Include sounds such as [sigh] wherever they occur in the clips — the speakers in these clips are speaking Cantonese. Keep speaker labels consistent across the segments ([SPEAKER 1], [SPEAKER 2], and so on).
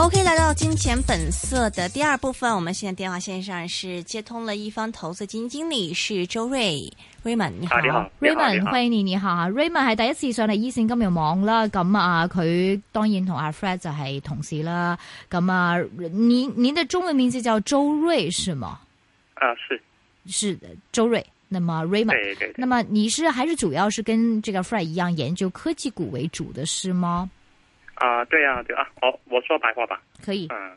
[SPEAKER 1] OK，來到《金錢本色》的第二部分，我們現在電話線上是接通了一方投資金經理，是
[SPEAKER 2] 周睿 Raymond、啊。你好，你好，Raymond，歡迎你。你好。Raymond 是第一次上嚟一線金融忙啦。咁啊，佢當然同阿、啊、Fred 就係同事啦。咁啊，您您的中文名字叫周睿是嗎？
[SPEAKER 3] 啊，是，
[SPEAKER 2] 是周睿。那麼 Raymond，那麼你是還是主要是跟這個 Fred 一樣研究科技股為主的是嗎？
[SPEAKER 3] 啊，對啊，對啊，我我說白話，話吧，可以，嗯，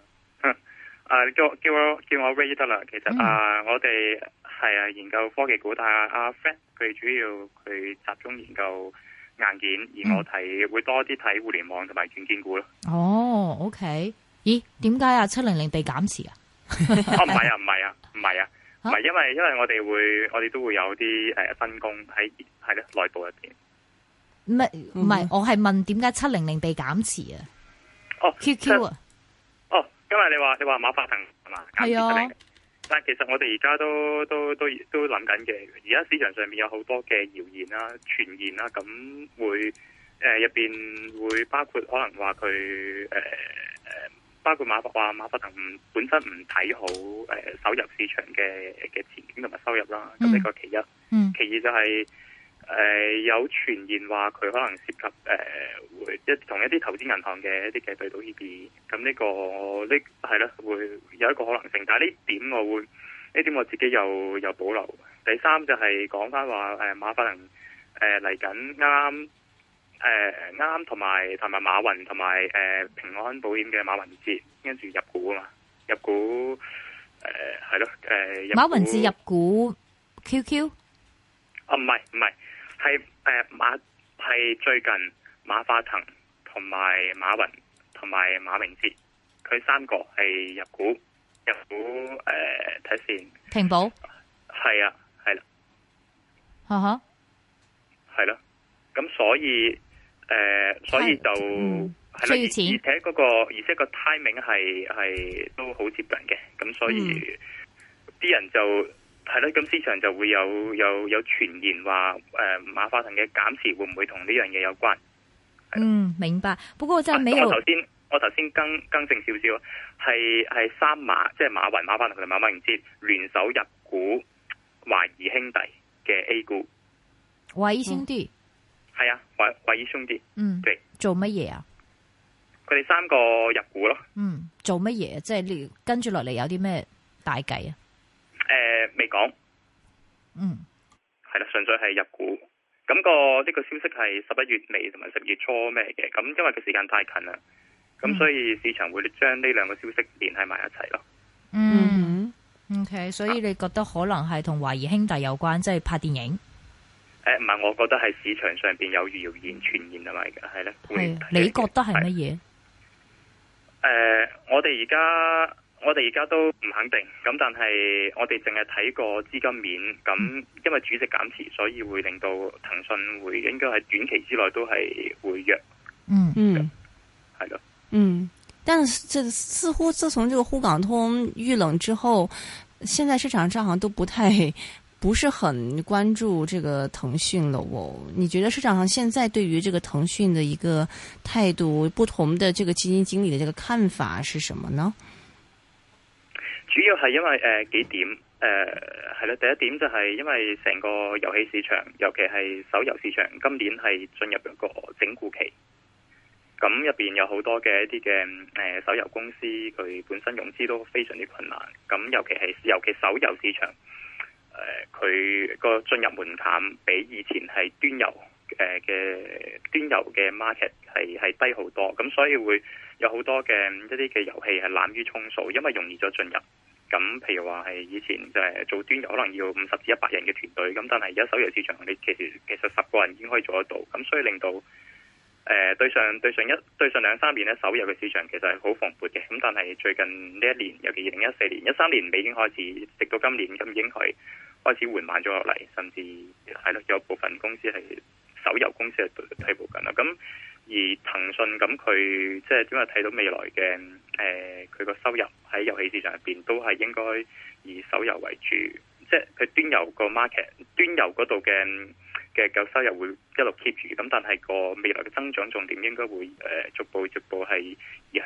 [SPEAKER 3] 啊，叫我叫我叫我 Ray 得啦，其實、嗯、啊，我哋係啊研究科技股，但係阿 f r e n d 佢主要佢集中研究硬件，而我睇、嗯、會多啲睇互聯網同埋軟件股咯。
[SPEAKER 2] 哦，OK，咦，點解啊七零零被減持啊？哦，唔、
[SPEAKER 3] okay、係啊，唔、嗯、係、 [laughs] 哦、啊，唔係啊，唔係、啊啊啊、因為因為我哋會我哋都會有啲誒、呃、分工喺係咯內部入邊。
[SPEAKER 2] 唔係唔係，我係問點解七零零被減持啊？
[SPEAKER 3] 哦，Q Q 啊！哦，今日你話你話馬化騰係嘛？係啊，但係其實我哋而家都都都都諗緊嘅。而家市場上面有好多嘅謠言啦、傳言啦，咁會誒入邊會包括可能話佢誒誒，包括馬話馬化騰本身唔睇好誒，手入市場嘅嘅前景同埋收入啦。咁呢個其一，嗯，其二就係。誒、呃，有傳言話佢可能涉及誒、呃、會一同一啲投資銀行嘅一啲嘅對賭協議，咁呢、這個呢係啦會有一個可能性，但係呢點我會呢點我自己又有保留。第三就係講翻話誒馬化騰誒嚟緊啱誒啱同埋同埋馬雲同埋誒平安保險嘅馬雲捷跟住入股啊嘛，入股誒係咯誒，馬雲捷入
[SPEAKER 2] 股 Q Q 啊唔
[SPEAKER 3] 係唔係。係誒馬係最近馬化騰同埋馬雲同埋馬明哲，佢三個係入股入股誒睇線，平保係啊係啦，
[SPEAKER 2] 哈哈、啊，
[SPEAKER 3] 係咯、啊，咁、uh-huh。啊、所以誒、呃、所以就
[SPEAKER 2] 需要、嗯啊、而且
[SPEAKER 3] 嗰、嗰個而且個 timing 係係都好接近嘅，咁所以啲、嗯、人就。係啦，咁市場就會有有有傳言話，誒、呃，馬化騰嘅減持會唔會同呢樣嘢有關？
[SPEAKER 2] 嗯，明白。不過真係未有、啊。我頭先
[SPEAKER 3] 我頭先更更正少少，係係三馬，即、就、係、是、馬雲、馬化騰同埋馬明哲聯手入股華誼兄弟嘅 A 股。
[SPEAKER 2] 華誼兄弟
[SPEAKER 3] 係啊，華華誼兄弟。嗯。對。
[SPEAKER 2] 做乜嘢啊？
[SPEAKER 3] 佢哋三個入股咯。嗯，
[SPEAKER 2] 做乜嘢？即係跟住落嚟有啲咩大計啊？就是
[SPEAKER 3] 未講，嗯，係啦，純粹係入股，咁、那個呢、這個消息係十一月尾同埋十月初咩嘅，咁因為個時間太近啦，咁、嗯、所以市場會將呢兩個消息連繫埋一齊咯。
[SPEAKER 2] 嗯，OK，所以你覺得可能係同華誼兄弟有關，啊、即係拍電影？
[SPEAKER 3] 誒、欸，唔係，我覺得係市場上邊有謠言傳言同埋嘅，係咧。係
[SPEAKER 2] 你覺得係乜嘢？
[SPEAKER 3] 誒、呃，我哋而家。我哋而家都唔肯定，咁但係我哋淨係睇過資金面，咁因為主席減持，所以會令到騰訊會應該係短期之內都係會弱。嗯嗯，係咯，嗯。
[SPEAKER 1] 但係似乎自從這個滬港通遇冷之後，現在市場上好像都不太不是很關注這個騰訊了哦。我你覺得市場上現在對於這個騰訊的一個態度，不同的這個基金經理的這個看法是什麼呢？
[SPEAKER 3] 主要係因為誒、呃、幾點誒係啦，第一點就係因為成個遊戲市場，尤其係手遊市場，今年係進入一個整固期。咁入邊有好多嘅一啲嘅誒手遊公司，佢本身融資都非常之困難。咁尤其係尤其是手遊市場，誒佢個進入門檻比以前係端遊誒嘅端遊嘅 market 係係低好多。咁所以會有好多嘅一啲嘅遊戲係濫竽充數，因為容易咗進入。咁譬如話係以前就係做端遊可能要五十至一百人嘅團隊，咁但係而家手遊市場你其實其實十個人已經可以做得到，咁所以令到誒、呃、對上對上一對上兩三年咧手遊嘅市場其實係好蓬勃嘅，咁但係最近呢一年，尤其二零一四年、一三年尾已經開始，直到今年咁已經係開始緩慢咗落嚟，甚至係啦有部分公司係手遊公司係退步緊啦，咁。而騰訊咁佢即係點解睇到未來嘅，誒佢個收入喺遊戲市場入邊都係應該以手遊為主，即係佢端遊個 market 端遊嗰度嘅嘅夠收入會一路 keep 住，咁但係個未來嘅增長重點應該會誒、呃、逐步逐步係移向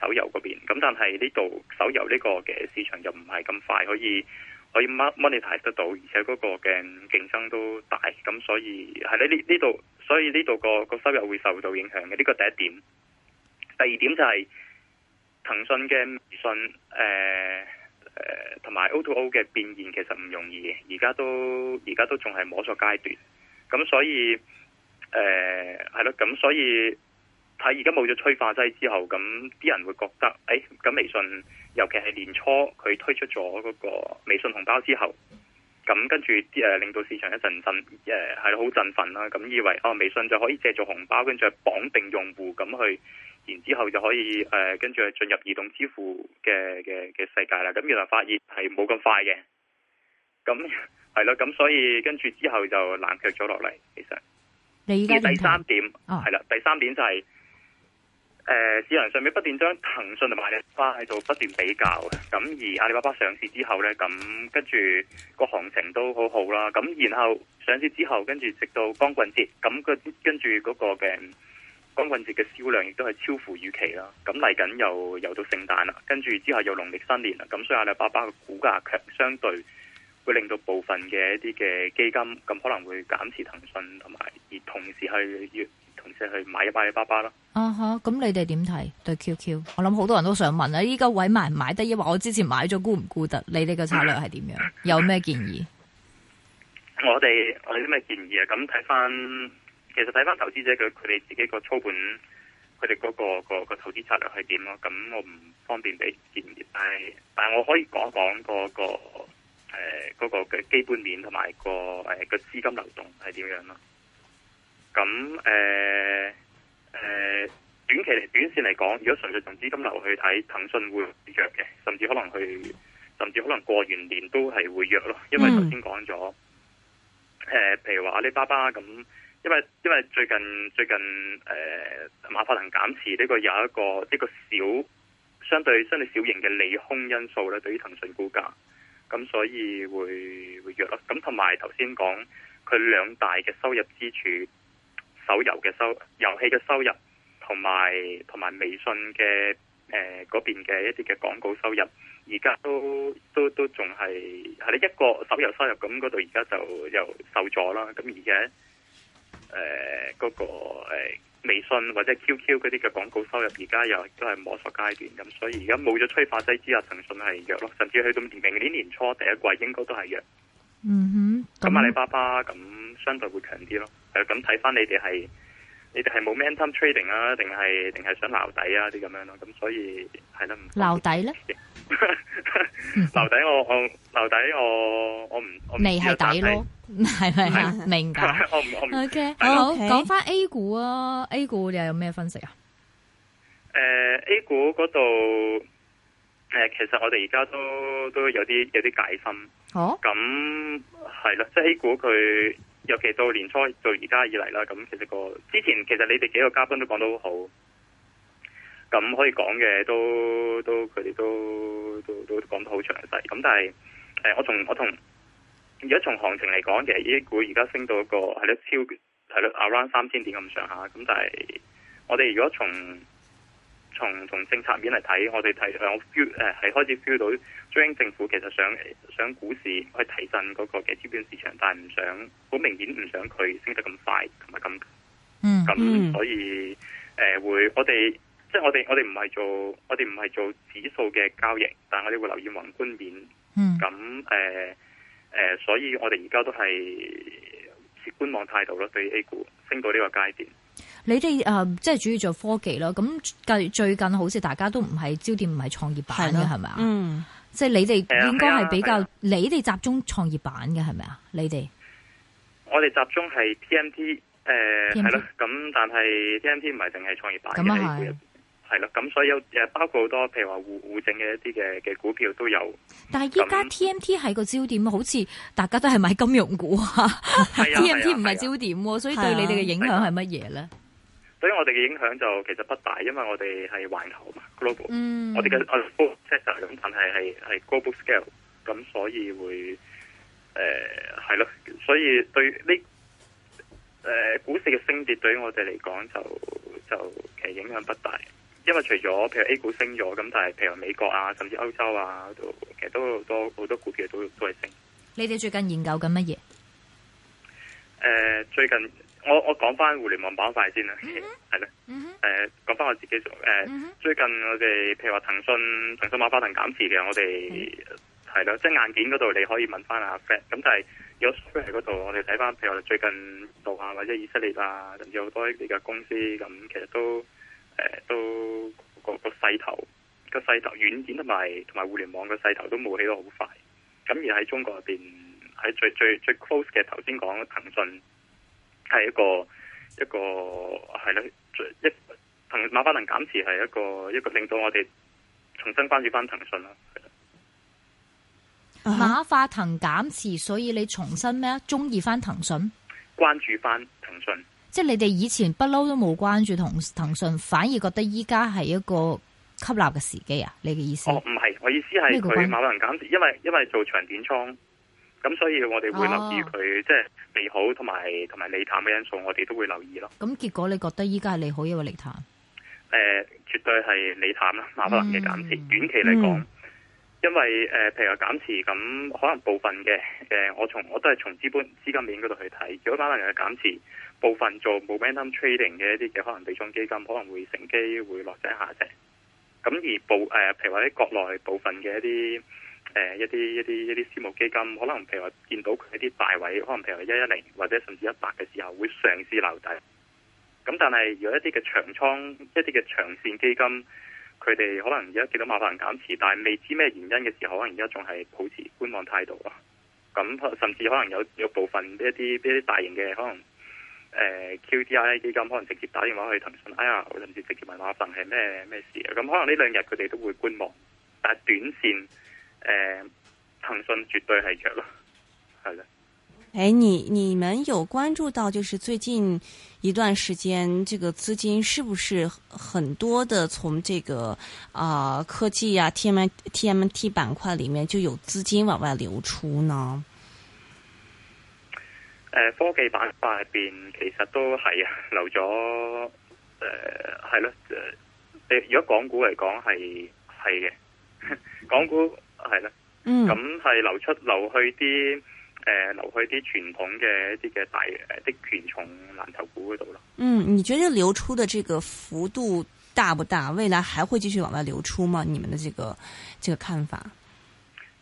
[SPEAKER 3] 手遊嗰邊，咁但係呢度手遊呢個嘅市場就唔係咁快可以。可以 monetize 得到，而且嗰個嘅競爭都大，咁所以係呢呢度，所以呢度個個收入會受到影響嘅。呢、這個第一點，第二點就係、是、騰訊嘅微信，誒誒同埋 O to O 嘅變現其實唔容易，而家都而家都仲係摸索階段，咁所以誒係咯，咁所以。呃喺而家冇咗催化劑之後，咁啲人會覺得，誒、哎，咁微信，尤其係年初佢推出咗嗰個微信紅包之後，咁跟住啲誒，令到市場一陣陣誒係好振奮啦，咁以為哦，微信就可以借助紅包，跟住綁定用戶咁去，然之後就可以誒，跟、呃、住進入移動支付嘅嘅嘅世界啦。咁原來發現係冇咁快嘅，咁係咯，咁所以跟住之後就冷卻咗落嚟。其實，
[SPEAKER 2] 呢第三點，
[SPEAKER 3] 係、oh. 啦，第三點就係、是。誒，市場上面不斷將騰訊同埋阿里巴巴喺度不斷比較嘅，咁而阿里巴巴上市之後呢，咁跟住個行情都很好好啦，咁然後上市之後，跟住直到光棍節，咁跟住嗰個嘅光棍節嘅銷量亦都係超乎預期啦，咁嚟緊又又到聖誕啦，跟住之後又農曆新年啦，咁所以阿里巴巴嘅股價強相對，會令到部分嘅一啲嘅基金咁可能會減持騰訊同埋，而同時去。越。即係去買一買阿里巴巴咯。啊、
[SPEAKER 2] uh-huh, 哈，咁你哋點睇對 Q Q？我諗好多人都想問啦，依家位買唔買得？抑或我之前買咗估唔估得？你哋個策略係點樣？ [laughs] 有咩建議？我哋
[SPEAKER 3] 我哋啲咩建議啊？咁睇翻，其實睇翻投資者佢哋自己操、個操盤，佢哋嗰個個、嗰個投資策略係點咯？咁我唔方便俾建議，但係但係我可以講講、個誒、嗰個嘅基本面同埋個誒個資金流動係點樣咯。咁誒誒，短期嚟短綫嚟講，如果純粹從資金流去睇，騰訊會弱嘅，甚至可能去，甚至可能過完年都係會弱咯。因為頭先講咗，誒、呃，譬如話阿里巴巴咁，因為因為最近最近誒、呃，馬化騰減持呢個有一個呢、這個小相對相對小型嘅利空因素咧，對於騰訊股價，咁所以會會弱咯。咁同埋頭先講佢兩大嘅收入支柱。手遊嘅收遊戲嘅收入，同埋同埋微信嘅誒嗰邊嘅一啲嘅廣告收入，而家都都都仲係係你一個手遊收入咁，嗰度而家就又受咗啦。咁而家誒嗰個誒、呃、微信或者 QQ 嗰啲嘅廣告收入，而家又都係摸索階段。咁所以而家冇咗催化劑之後，騰訊係弱咯，甚至去到明年年初第一季應該都係弱。
[SPEAKER 2] 嗯
[SPEAKER 3] 哼，咁阿里巴巴咁相對會強啲咯。誒，咁睇翻你哋係，你哋係冇 momentum trading 啊，定係定係想撈底啊啲咁樣咯，咁所以係咯，
[SPEAKER 2] 撈底咧，撈
[SPEAKER 3] 底我我撈底我我唔，未係底咯，係
[SPEAKER 2] 咪啊？明噶，我唔我唔，ok 好，講翻 A 股啊，A 股你又有咩分析啊？
[SPEAKER 3] 誒，A 股嗰度誒，其實我哋而家都都有啲有啲解心，哦，咁係啦，即係 A 股佢。尤其到年初到而家以嚟啦，咁其實、個之前其實你哋幾個嘉賓都講得好，咁可以講嘅都都佢哋都都都講得好詳細，咁但係誒、欸，我從我從如果從行情嚟講，其實呢啲股而家升到一個係都超係都 around 三千點咁上下。咁但係我哋如果從。.從從政策面嚟睇，我哋睇，我 feel 誒係開始 feel 到中央政府其實想想股市去提振嗰個嘅資本市場，但係唔想好明顯唔想佢升得咁快同埋咁嗯咁，所以誒、呃、會我哋即係我哋我哋唔係做我哋唔係做指數嘅交易，但係我哋會留意宏觀面。嗯，咁誒誒，所以我哋而家都係持觀望態度咯，對於 A 股升到呢個階段。
[SPEAKER 2] 你哋啊，即係主要做科技咯。咁計最近好似大家都唔係焦點，唔係創業板嘅，係咪啊？嗯，即係你哋應該係比較你哋集中創業板嘅，係咪啊？你哋
[SPEAKER 3] 我哋集中係 TMT 誒、呃，係咯。咁但係 TMT 唔係淨係創業板嘅，係咯。咁所以有誒，包括好多譬如話互互證嘅一啲嘅嘅股票都有。
[SPEAKER 2] 但係依家 TMT 係個焦點，好似大家都係買金融
[SPEAKER 3] 股啊。TMT 唔係
[SPEAKER 2] 焦點，所以對你哋嘅影響係乜嘢咧？
[SPEAKER 3] 所以我哋嘅影響就其實不大，因為我哋係環球嘛，global、嗯。我哋嘅即係咁，但係係係 global scale，咁所以會誒係咯，所以對呢誒、呃、股市嘅升跌對於我哋嚟講就就其實影響不大。因為除咗譬如 A 股升咗，咁但係譬如美國啊，甚至歐洲啊，都其實都多好多股票都都係升。
[SPEAKER 2] 你哋最近研究緊乜嘢？誒、
[SPEAKER 3] 呃，最近。我我講翻互聯網板塊先啦，係、mm-hmm. 啦，誒講翻我自己做，誒、呃 mm-hmm. 最近我哋譬如話騰訊，騰訊馬化騰減持嘅，我哋係啦，即、mm-hmm. 係、就是、硬件嗰度你可以問翻阿 Fred，咁但係有 s p r e 嗰度，我哋睇翻譬如話最近度下或者以色列啊，甚至好多啲嘅公司，咁其實都誒、呃、都、那個、那個勢頭、那個勢頭，軟、那個、件同埋同埋互聯網嘅勢頭都冒起咗好快，咁而喺中國入邊喺最最最 close 嘅頭先講騰訊。係一個一個係啦，一騰馬化騰減持係一個一個令到我哋重新關注翻騰訊
[SPEAKER 2] 啦。Uh-huh. 馬化騰減持，所以你重新咩啊？中意翻騰訊？
[SPEAKER 3] 關注翻騰訊？
[SPEAKER 2] 即係你哋以前不嬲都冇關注同騰訊，反而覺得依家係一個吸納嘅時機啊？你嘅意思？哦，唔係，
[SPEAKER 3] 我意思係佢馬化騰減持，因為因為做長點倉。咁所以我哋會留意佢、啊、即係利好同埋同埋利淡嘅因素，我哋都會留意咯。
[SPEAKER 2] 咁結果你覺得依家係利好抑或利淡？
[SPEAKER 3] 誒、呃，絕對係利淡啦，馬化騰嘅減持、嗯，短期嚟講、嗯，因為誒、呃，譬如話減持咁，可能部分嘅誒、呃，我從我都係從資本資金面嗰度去睇，如果馬化騰嘅減持，部分做 momentum trading 嘅一啲嘅可能對沖基金，可能會乘機會落井下石。咁而部誒、呃，譬如話啲國內部分嘅一啲。誒、呃，一啲一啲一啲私募基金，可能譬如話見到佢一啲大位，可能譬如話一一零或者甚至一百嘅時候，會嘗試留底。咁但係如果一啲嘅長倉，一啲嘅長線基金，佢哋可能而家見到馬化騰減持，但係未知咩原因嘅時候，可能而家仲係保持觀望態度啊。咁甚至可能有有部分一啲一啲大型嘅可能誒、呃、QDII 基金，可能直接打電話去騰訊，哎呀，甚至直接問馬化騰係咩咩事啊？咁可能呢兩日佢哋都會觀望，但係短線。誒、嗯，騰訊絕對係弱咯，係咧。
[SPEAKER 1] 誒、哎，你你們有關注到，就是最近一段時間，這個資金是不是很多的從這個啊、呃、科技啊 TMT TMT 板塊裏面就有資金往外流出呢？誒、
[SPEAKER 3] 呃，科技板塊入邊其實都係啊，流咗誒係咯誒，如果港股嚟講係係嘅， [laughs] 港股。係啦，咁、嗯、係流出流去啲，誒，流去啲、呃、傳統嘅一啲嘅大誒的權重藍籌股嗰度咯。
[SPEAKER 1] 嗯，你覺得流出嘅這個幅度大不大？未來還會繼續往外流出嗎？你們的這個這個看法？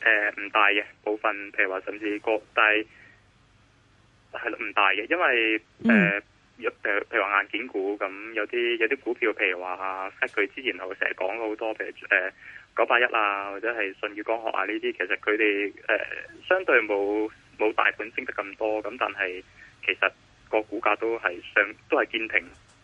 [SPEAKER 3] 誒、呃，唔大嘅，部分譬如話甚至國但係、係咯，唔大嘅，因為誒。嗯呃一譬如話硬件股咁，有啲有啲股票，譬如話，佢之前我成日講好多，譬如誒、呃、九八一啊，或者係舜宇光學啊呢啲，其實佢哋誒相對冇冇大盤升得咁多，咁但係其實個股價都係上，都係堅挺。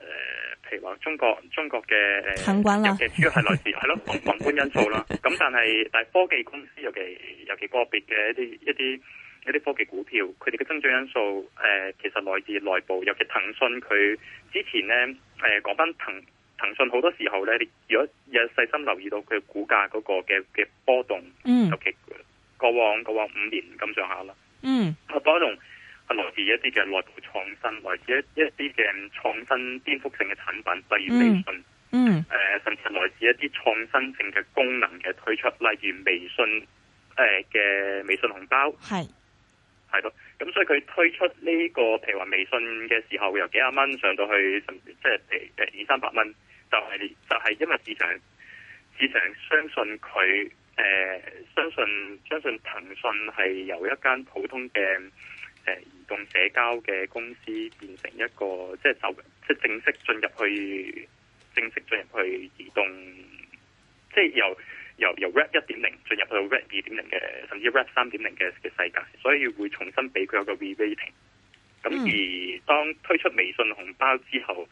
[SPEAKER 3] 誒、呃，譬如話中國，中國嘅誒， [laughs] 尤其主要係來自係咯宏觀因素啦。咁但係但係科技公司尤其尤其，尤其個別嘅一啲一啲一啲科技股票，佢哋嘅增長因素誒、呃，其實來自內部。尤其騰訊佢之前咧，誒講翻騰騰訊好多時候咧，你如果有細心留意到佢股價嗰個嘅嘅波動，嗯、尤其過往過往五年咁上下啦，嗯，個波動。來自一啲嘅內部創新，來自一啲嘅創新顛覆性嘅產品，例如微信，嗯，誒、嗯，甚至來自一啲創新性嘅功能嘅推出，例如微信，誒、呃、嘅微信紅包，係，係咯，咁所以佢推出呢、這個，譬如話微信嘅時候，由幾廿蚊上到去，甚至即係誒誒二三百蚊，就係、是、就係、是、因為市場市場相信佢，誒、呃，相信相信騰訊係由一間普通嘅。移動社交嘅公司變成一個即係即係正式進入去，正式進入去移動，即係由由由 RAP 一點零進入去 RAP 二點零嘅，甚至 RAP 三點零嘅嘅世界，所以會重新俾佢一個 rebranding 咁、嗯、而當推出微信紅包之後，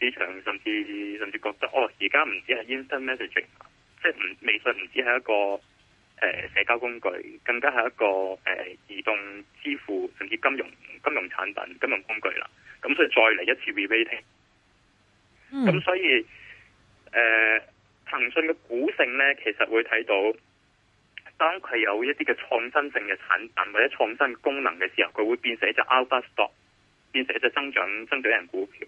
[SPEAKER 3] 市場甚至甚至覺得哦，而家唔止係 Instant Messaging，即係唔微信唔止係一個。誒社交工具更加係一個誒、呃、移動支付，甚至金融金融產品、金融工具啦。咁所以再嚟一次 re-rating。咁、嗯、所以誒、呃、騰訊嘅股性咧，其實會睇到當佢有一啲嘅創新性嘅產品或者創新功能嘅時候，佢會變成一隻 alpha stock，變成一隻增長增長型股票。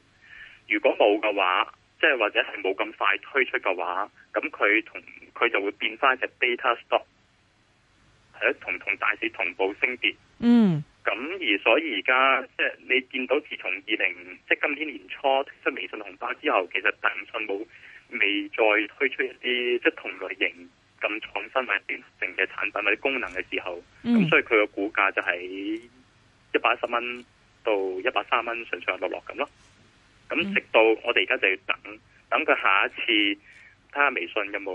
[SPEAKER 3] 如果冇嘅話，即係或者係冇咁快推出嘅話，咁佢同佢就會變翻一隻 beta stock。同同大市同步升跌，嗯，咁而所以而家即係你見到自從二零即係今年年初即係微信紅包之後，其實騰訊冇未再推出一啲即係同類型咁創新或原創性嘅產品或者功能嘅時候，咁、mm-hmm. 所以佢個股價就喺一百一十蚊到一百三蚊上上落落咁咯。咁直到我哋而家就要等，等佢下一次睇下微信有冇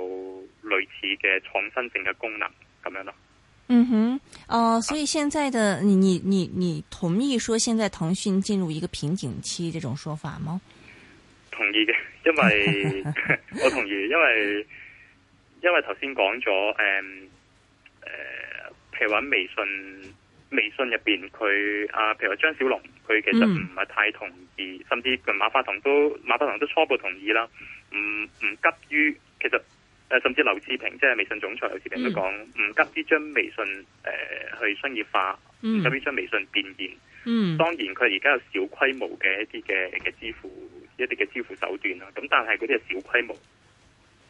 [SPEAKER 3] 類似嘅創新性嘅功能咁樣咯。
[SPEAKER 1] 嗯哼，哦、呃，所以現在的你你你你同意說現在騰訊進入一個瓶頸期這種說法嗎？
[SPEAKER 3] 同意嘅，因為 [laughs] [laughs] 我同意，因為因為頭先講咗誒誒，嗯呃、譬如話微信，微信入邊佢啊，譬如張小龍佢其實唔係太同意，嗯、甚至佢馬化騰都馬化騰都初步同意啦，唔唔急於其實。誒，甚至劉志平即係微信總裁劉志平都講，唔急於將微信誒、呃、去商業化，唔急於將微信變現、嗯。當然佢而家有小規模嘅一啲嘅嘅支付，一啲嘅支付手段啦。咁但係嗰啲係小規模。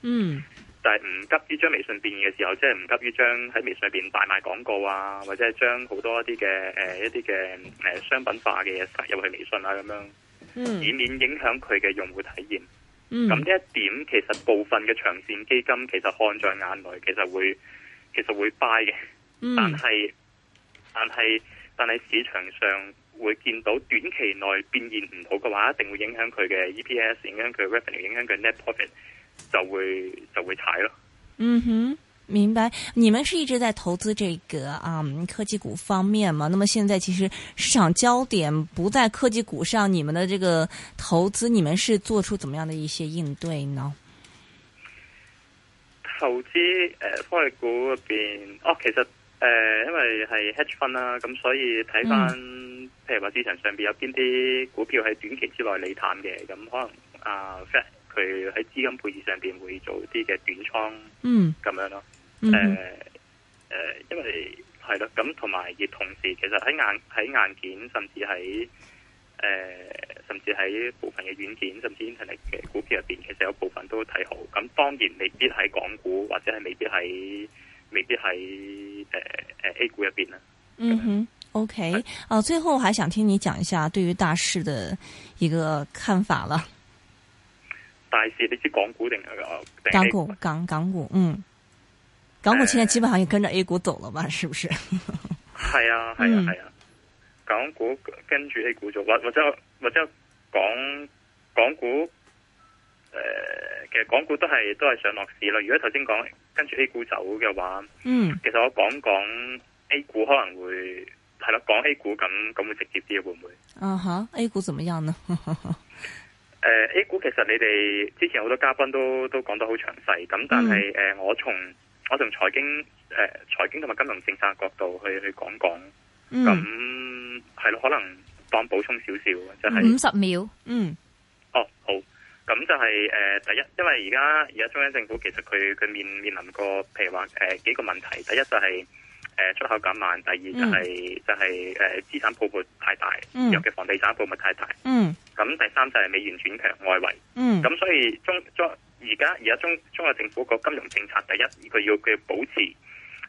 [SPEAKER 3] 嗯。但係唔急於將微信變現嘅時候，即係唔急於將喺微信入邊大賣廣告啊，或者係將好多一啲嘅誒一啲嘅誒商品化嘅嘢塞入去微信啊咁樣，以免影響佢嘅用戶體驗。咁呢一點其實部分嘅長線基金其實看在眼內，其實會其實會 buy 嘅。但係但係但係市場上會見到短期內變現唔好嘅話，一定會影響佢嘅 EPS，影響佢 Revenue，影響佢 Net Profit，就會就會踩咯。嗯
[SPEAKER 1] 哼。明白，你們是一直在投資這個啊、嗯、科技股方面嘛？那麼現在其實市場焦點不在科技股上，你們的這個投資，你們是做出怎麼樣的一些應對呢？
[SPEAKER 3] 投資誒、呃，科技股入邊哦，其實誒、呃，因為係 hedge fund 啦、啊，咁所以睇翻、嗯、譬如話市場上邊有邊啲股票喺短期之內利淡嘅，咁可能啊，Fat 佢喺資金配置上邊會做啲嘅短倉，嗯，咁樣咯、啊。誒、嗯、誒、嗯，因為係咯，咁同埋亦同時，其實喺硬喺硬件，甚至喺誒、呃，甚至喺部分嘅軟件，甚至 internet 嘅股票入邊，其實有部分都睇好。咁當然未必喺港股，或者係未必喺未必喺誒誒 A 股入邊啦。嗯
[SPEAKER 1] 哼，OK，啊，最後我還想聽你講一下對於大市嘅一個看法啦。
[SPEAKER 3] 大市，你知港股定啊？港股
[SPEAKER 1] 港港股，嗯。港股現在基本上也跟着 A 股走了嘛、呃，是不是？
[SPEAKER 3] 係 [laughs] 啊，係啊，係啊，啊。港股跟住 A 股走，或者或者或者講港港股，誒、呃，其實港股都係都係上落市啦。如果頭先講跟住 A 股走嘅話，嗯，其實我講講 A 股可能會係啦，講、啊、A 股咁咁會直接啲會唔會？
[SPEAKER 1] 啊、uh-huh, 哈，A 股怎麼樣呢？
[SPEAKER 3] 誒、 [laughs] 呃、，A 股其實你哋之前好多嘉賓都都講得好詳細，咁但係誒、嗯呃，我從我從財經誒財、呃、經同埋金融政策角度去去講講，咁係咯，可能當補充少少，就係五
[SPEAKER 2] 十秒，嗯，
[SPEAKER 3] 哦好，咁就係、是、誒、呃、第一，因為而家而家中央政府其實佢佢面面臨過，譬如話誒、呃、幾個問題，第一就係、是、誒、呃、出口減慢，第二就係、是嗯、就係誒資產泡沫太大、嗯，尤其房地產泡沫太大，嗯，咁、嗯、第三就係美元轉強外圍，嗯，咁所以中中。中中而家而家中中國政府個金融政策，第一佢要佢要保持，誒、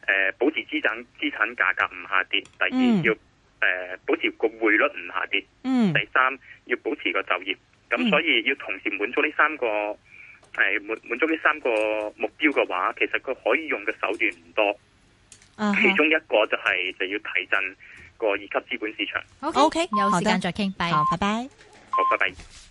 [SPEAKER 3] 呃、保持資產資產價格唔下跌，第二、嗯、要誒、呃、保持個匯率唔下跌，嗯、第三要保持個就業。咁所以要同時滿足呢三個係滿滿足呢三個目標嘅話，其實佢可以用嘅手段唔多、
[SPEAKER 2] 啊。其中
[SPEAKER 3] 一個就係、是、就要提振個二級資本市場。O、okay, K、okay, 有時間
[SPEAKER 2] 再傾，拜拜，
[SPEAKER 3] 好，拜拜。好 bye bye 好 bye bye